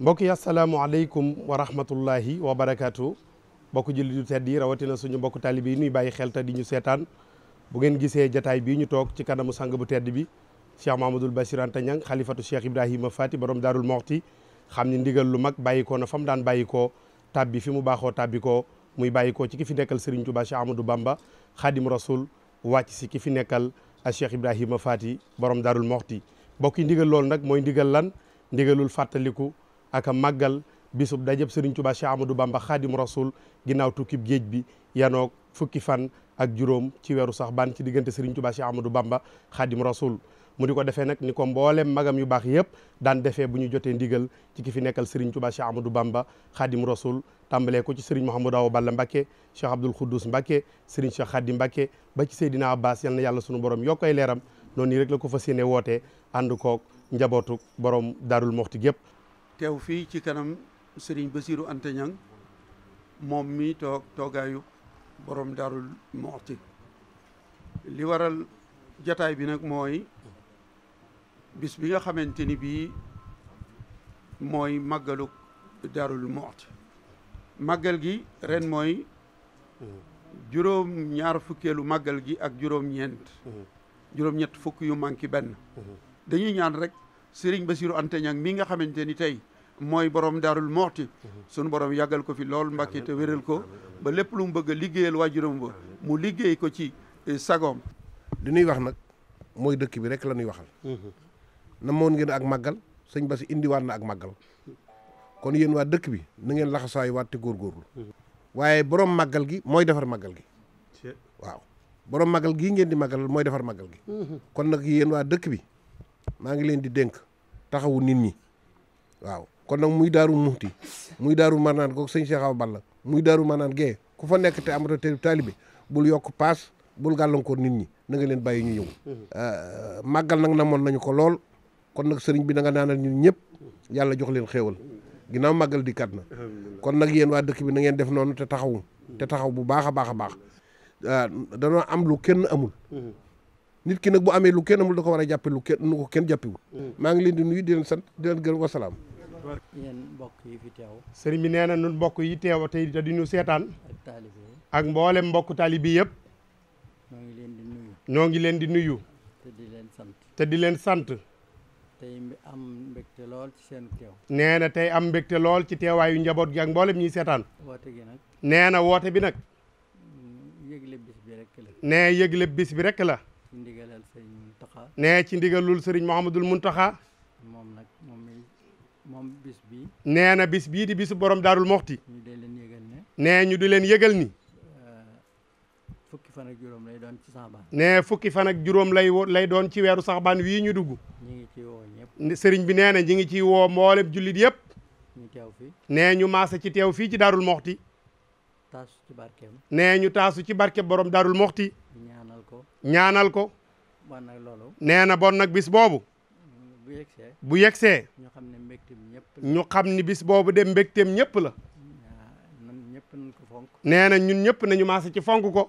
mbokk yi asalaamualeykum wa rahmatullahi wa barakaatu mbokk jullit yu tedd yi rawatina suñu mbokk taalibe yi nuy bàyyi xel te di ñu seetaan bu ngeen gisee jataay bii ñu toog ci kanamu sang bu tedd bi cheikh mahamadul basir anta ñang xalifatu cheikh ibrahima fati borom daarul moxti xam ni ndigal lu mag bàyyikoo na fa mu daan bàyyikoo tàbbi fi mu baaxoo tàbbikoo muy bàyyikoo ci ki fi nekkal Serigne Touba Cheikh Amadou Bamba xadim rasul wàcc si ki fi nekkal a cheikh ibrahima fati borom daarul moxti mbokk yi ndigal loolu nag mooy ndigal lan ndigalul fàttaliku ak a màggal bisub dajëb Serigne Touba Cheikh Amadou Bamba Khadim Rasoul ginnaaw tukkib géej bi yanoog fukki fan ak juróom ci weeru sax ban ci diggante Serigne Touba Cheikh Amadou Bamba Khadim Rasoul mu di ko defee nag ni ko mboolem magam yu baax yëpp daan defee bu ñu jotee ndigal ci ki fi nekkal Serigne Touba Cheikh Amadou Bamba Khadim Rasoul tàmbalee ko ci Serigne Mouhamadou Awa Balla Mbacké Cheikh Abdoul Khoudous Mbacké Serigne Cheikh Khadim Mbacké ba ci Seydina Abbas yal na yàlla sunu borom yokk ay leeram noonu rek la ko fas yéene wootee ànd koog njabootu borom Darou Mokhti gépp teew fi ci kanam Serigne basirou Anta Niang moom mi tok toogaayu borom darul mu'ti li waral jotaay bi nak moy bis bi nga xamanteni bi moy magaluk darul mu'ti magal gi ren moy, jurom ñaar fukelu magal gi ak jurom ñent mm-hmm. jurom ñet fuk yu manki ben mm-hmm. dañuy ñaan rek sëriñ ba Bassirou Anta Niang mii nga xamante ni tey mooy borom daarul moxti mhm. suñ borom yàggal ko fi lool Mbàkke te wéral ko ba lépp lu mu bëgg a liggéeyal waajuram ba mu liggéey ko ci eh, sagoom li ñuy wax nag mooy dëkk bi rek la ñuy waxal mhm. na moon ngeen ak màggal sëñ Bass indiwaat na ak màggal kon yéen waa dëkk bi na ngeen laxasaayu waat te góorgóorlu mhm. waaye borom màggal gi mooy defar màggal gi waaw borom màggal gii ngeen di màggal mooy defar màggal gi kon nag waa dëkk bi maa ngi leen di dénk taxawu nit ñi waaw kon nag muy daaru muxti muy daaru manaan ko sëñ Cheikh Awa Balla muy daaru manaan gee ku fa nekk te amata te taalibe bul yokk paas bul gàllankoor nit ñi na nga leen bàyyi ñu ñëw màggal nag namoon nañu ko lool kon nag sëriñ bi na nga naanal ñun ñëpp yàlla jox leen xéewal ginnaaw màggal di kat na kon nag yéen waa dëkk bi na ngeen def noonu te taxawu te taxaw bu baax a baax a baax danoo am lu kenn amul nit ki nag bu amee lu kenn mun da ko war a jàppe lu kenn nu ko kenn jàppewul mm. maa ngi leen di nuyu di leen sant di leen gërëm mbokk yi fi teew sëriñ nee na nun mbokk yi teew tey te ñu seetaan ak mboolem mbokk taalibe yëpp ñoo ngi leen di nuyu ñoo ngi leen di nuyu te di leen sant te di leen sant tey am mbégte lool ci seen teew nee na tey am mbégte lool ci teewaayu njaboot gi ak mboolem ñuy seetaan woote gi nee na woote bi nag mm, yëgle bis bi rek yëgle bis bi rek la ci ndigalal sëriñ Muntaxa. nee ci ndigalul sëriñ Mouhamadul Muntaxa. moom nag moom moom bis bii. nee na bis bii di bisu borom daarul moxti. ñu di leen yëgal nee ñu di leen yëgal ni. Euh, fukki fan ak juróom lay doon ci saxbaan. nee fukki fan ak juróom lay lay doon ci weeru saxbaan wii ñu dugg. ñu ngi ciy woo ñëpp. sëriñ bi nee na ñu ngi ciy woo mboolem jullit yëpp. ñu teew fii. nee ñu maase ci teew fii ci daarul moxti. taasu nee ñu taasu ci barke borom daarul moxti. ñaanal ko bon nag loolu nee na bon nag bis boobu bu yegsee bu yegsee ñu xam ne mbégteem ñëpp ñu xam ni bis boobu de mbégteem ñëpp la ñun ñëpp nañ ko fonk nee na ñun ñëpp nañu maase ci fonk ko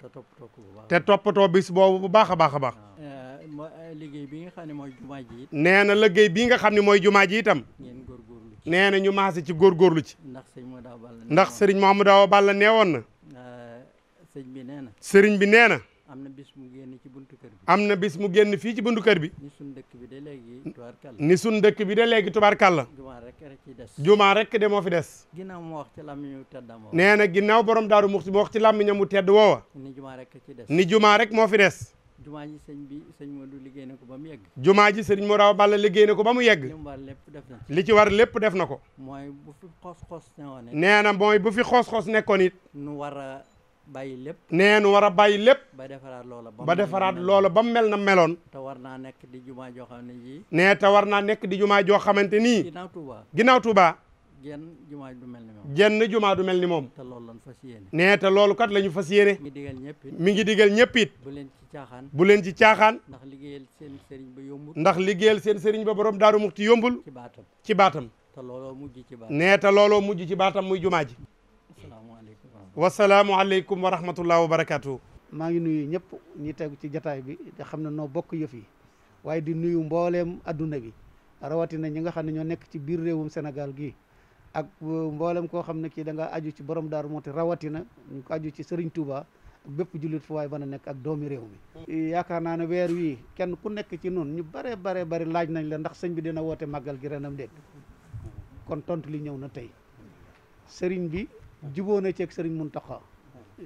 te toppatoo ko bu baax toppatoo bis boobu bu baax a baax a baax eh, eh, liggéey bi nga xam ne mooy jumaa ji nee na liggéey bii nga xam ne mooy jumaa ji itam ngeen góorgóorlu ci nee na ñu maase ci góor góorgóorlu ci ndax sëriñ moo Awa Balla ndax sëriñ Mamadou Awa Balla nee woon na eh, sëriñ bi nee na sëriñ bi nee na am na bis mu génn ci buntu kër bi. am na bis mu génn fii ci buntu kër bi. ni sun dëkk bi de léegi tubaarkàlla. ni jumaa rek de moo fi des. ginnaaw mu wax ci làmmiñu tedd moo. mu wax ci làmmiñam mu tedd woowa. ni jumaa rek moo fi des. jumaa ji sëñ ba mu yegg. jumaa liggéey na ko ba mu yegg. li mu war lépp def na ci war lépp def na ko. mooy bu fi xoos-xoos newoon. nee na mooy bu fi xoos-xoos nekkoon it. a Bayi lépp neen war bayi bàyyi ba ba mel na meloon te war di juma jo xam ne ji di Touba Touba du ni moom jenn du lañ kat la ñu mi bulen digal mi ngi digal bu ci tiaxan ndax seen serigne ba yombul ndax seen ba borom daru mukti yombul ci batam ci batam mujj mujj ci batam muy wasalaamualeykum wa rahmatullah wa barakaatu. maa ngi nuyu ñëpp ñi tegu ci jataay bi te xam ne noo bokk yëf yi waaye di nuyu mbooleem adduna bi rawatina ñi nga xam ne ñoo nekk ci biir réewum Sénégal gii ak mboolem koo xam ne kii da nga aju ci borom daaru mooti rawatina ñu ko aju ci Serigne Touba ak bépp jullit fu waay mën nekk ak doomi réew mi yaakaar naa ne weer wii kenn ku nekk ci noonu ñu bare bare bari laaj nañ la ndax sëñ bi dina woote màggal gi renam déet kon tontu li ñëw na tey sëriñ bi juboo na ceeg sëriñ Muntaxa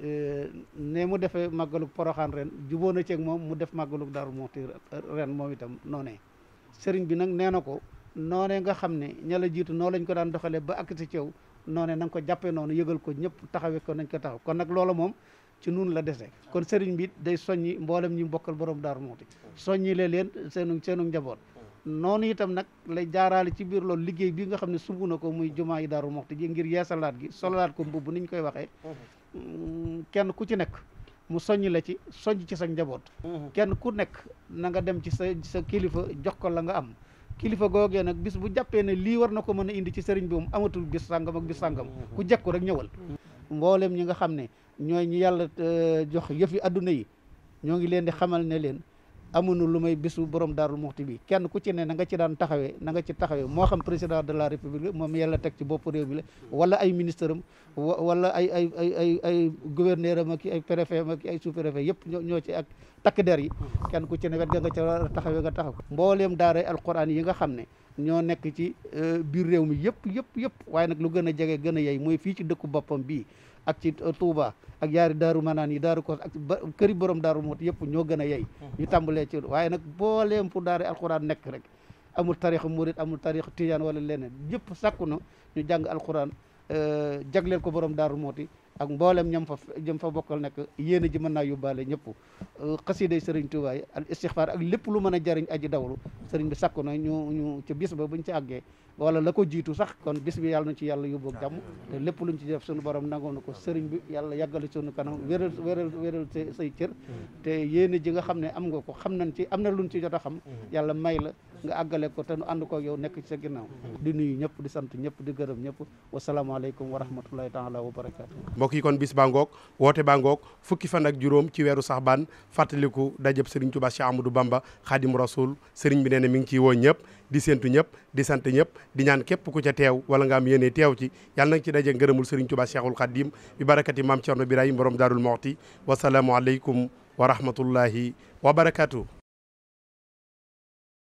eh, ne mu defee màggalug poroxaan ren juboo na ceeg moom mu def màggalug Daaru Muxti ren moom itam noonee sëriñ bi nag nee na ko noonee nga xam ne ñala la jiitu noo lañ ko daan doxalee ba ak si ceew noonee na nga ko jàppee noonu yëgal ko ñëpp taxawee ko nañ ko taxaw kon nag loola moom ci nun la dese kon sëriñ bi day soññi mboolem ñi bokkal borom Daaru Muxti soññi leen seenu seenu njaboot noonu itam nag lay jaaraale ci biir loolu liggéey bi nga xam ne sumb na ko muy jumaa yi daaru moxti ji ngir yeesalaat gi sololaat ko mbubb ni ñu koy waxe mm, kenn ku ci nekk mu soññ la ci soññ ci sa njaboot mm-hmm. kenn ku nekk na nga dem ci sa sa kilifa jox ko la nga am kilifa googee nag bis bu jàppee ne lii war na ko mën a indi ci sëriñ bi moom amatul bis sàngam ak bis sàngam mm-hmm. ku jekku rek ñëwal mm-hmm. mboolem ñi nga xam ne ñooy ñi yàlla euh, jox yëfi adduna yi ñoo ngi leen di xamal ne leen amuñu lu may bisu borom daarul muxti bi kenn ku ci ne na nga ci daan taxawee na nga ci taxawee moo xam président de la république moom yàlla teg ci bopp réew mi la wala ay ministre am wala ay ay ay ay ay gouverneur am ak ay préfet am ak ay sous préfet yëpp ñoo ci ak takk der yi kenn ku ci ne wet nga nga taxawee nga taxaw mbooleem al alquran yi nga xam ne ñoo nekk ci euh, biir réew mi yëpp yëpp yëpp waaye nag lu gën a jege gën a yey mooy fii ci dëkku boppam bii ak ci euh, Touba ak yaari daaru manaan yi daaru kos ak këri borom daaru moot yëpp ñoo gën a yey hmm. ñu tàmbalee ci waaye nag booleem fu daari alquran nekk rek amul tarixa murit amul tarixa tijaan walla leneen yëpp sakku na ñu jàng alquran euh, jagleel ko borom daaru mooti ak mboolem ñam fa jëm fa bokkal nekk yéen ji mën naa yóbbaale ñëpp euh, xasiday sëriñ Tuubaa yi al istixfaar ak lépp lu mën a jariñ aji dawlu sëriñ bi sakku na ñu ñu ca bis ba buñ ci àggee wala la ko jiitu sax kon bis bi yàlla na ci yàlla yóbbu ak jàmm lépp luñ ci def suñu borom nangoo na ko sëriñ bi yàlla yàggali suñu kanam wéral wéral wéral say cër hmm. te yéen ji nga xam ne am nga ko xam nañ ci am na lu luñ ci jot a xam hmm. yàlla may la nga agale ko te nu ko yow nek ci sa ginnaaw di nuyu ñepp di sant ñepp di gëreem ñepp wa salaamu alaykum wa rahmatullahi taala wa barakatuh mbokk yi kon bis baa ngoog woote baa ngoog fukki fan ak juroom ci weeru saxbaan fàttaliku dajëb Serigne Touba Cheikh Amadou Bamba Khadim Rasoul Serigne bi nee mi ngi ci wo ñepp di sentu ñepp di sant ñepp di ñaan kep ku ca tew wala nga am yene tew ci yalla nang ci dajje ngërëmul Serigne Touba Cheikhul Khadim bi barakati mam Thierno Birahim borom darul wa salaamu alaykum wa rahmatullahi wa barakatuh